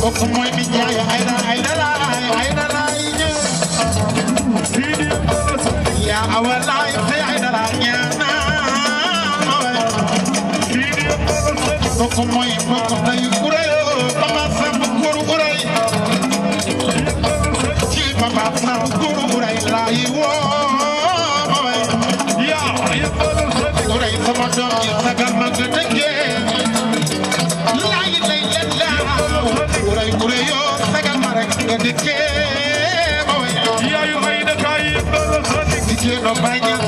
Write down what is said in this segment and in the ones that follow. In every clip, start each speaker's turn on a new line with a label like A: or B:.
A: kooku mooy bi jaay ay na ay na laay ay na laay ñëw sii di yaa awa laay tey ay na laay ñaanaa sii di kooku mooy mbokk day kuréel papa sam góoru uray ci papa sam góoru uray laay woo yaa uray sama doom yi sagal ma nga dëggee you no mind you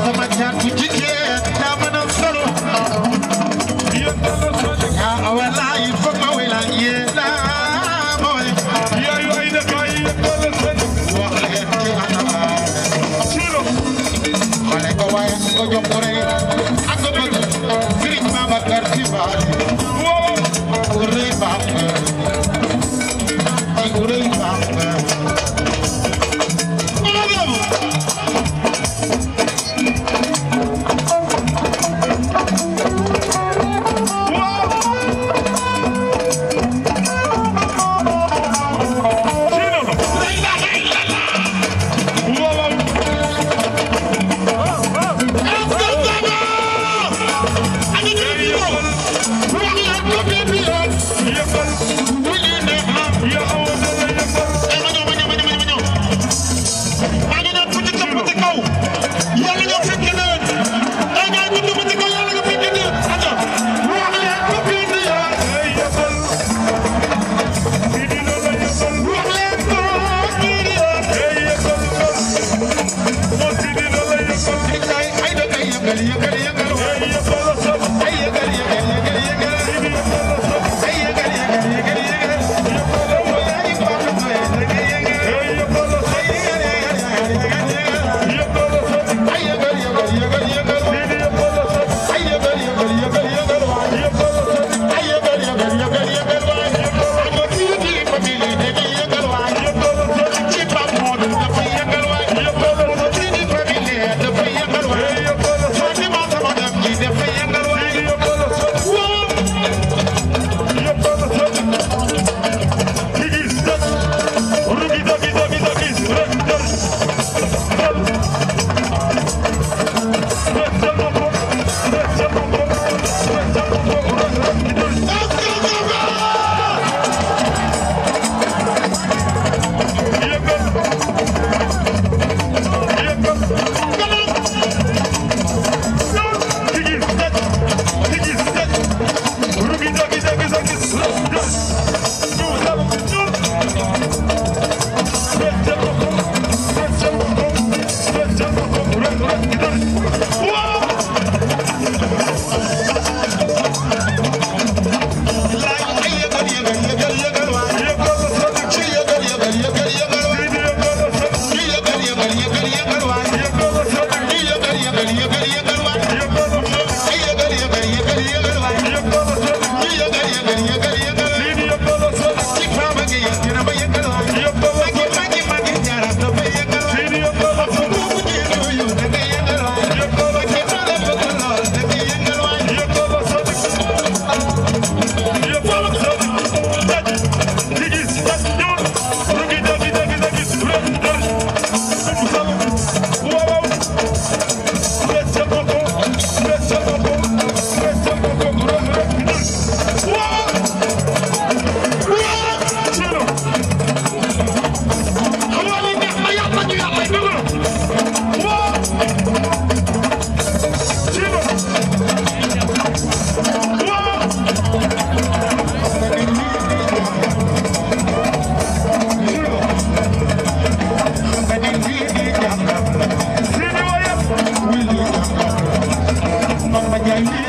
A: Mamba Ndiaye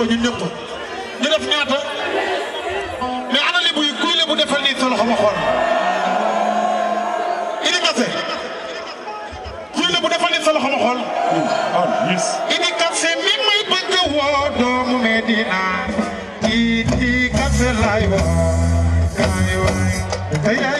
A: ko ñun ñëpp ñu def ñaata mais ana lebu yi kuy lebu defal nii sa loxo ma xool Idi Kassé kuy lebu defal nii sa loxo ma xool ah, Idi Kassé mi may bëgg woo doomu Medina Idi Kassé laay woo kaay waay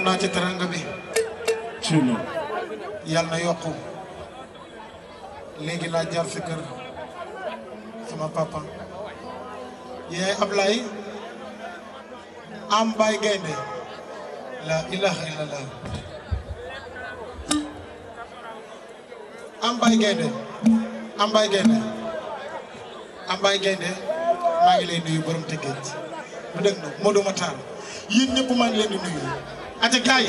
A: kontaan naa ci teranga bi. suuna. yàlla na yokku. léegi laa jaar sa kër sama papa. yaay Ablaye. am baay gaynde la ilaha illallah. am baay gaynde am gaynde am gaynde maa ngi nuyu borom tëggeej bu dëgg nag Modou Matar ñëpp maa ngi leen nuyu. aca gaay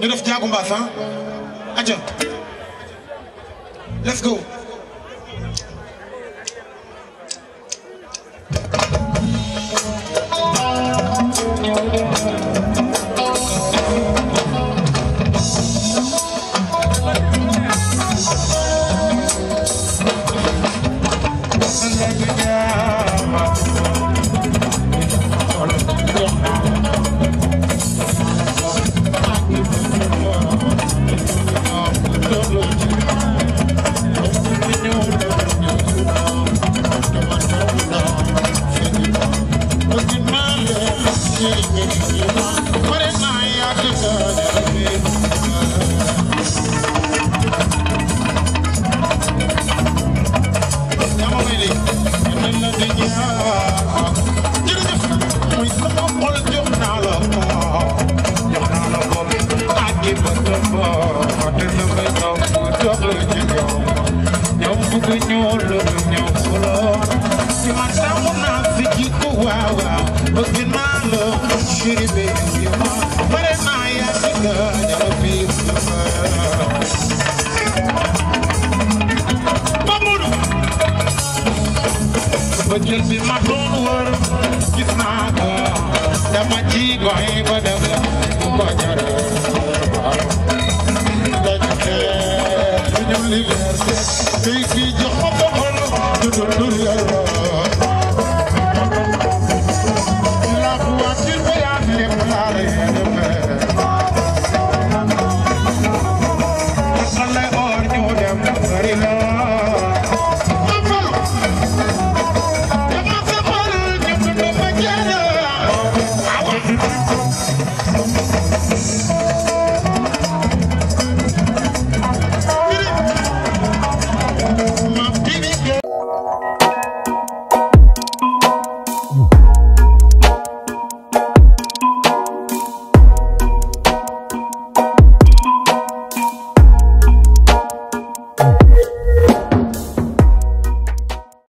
A: ñu def jaagu mbaas ah aca go jël bi ma doon wër gis naa ko dama ci goxe ba dem ko jara dajte suñu liberté kay fi jox ko xol du dul yàlla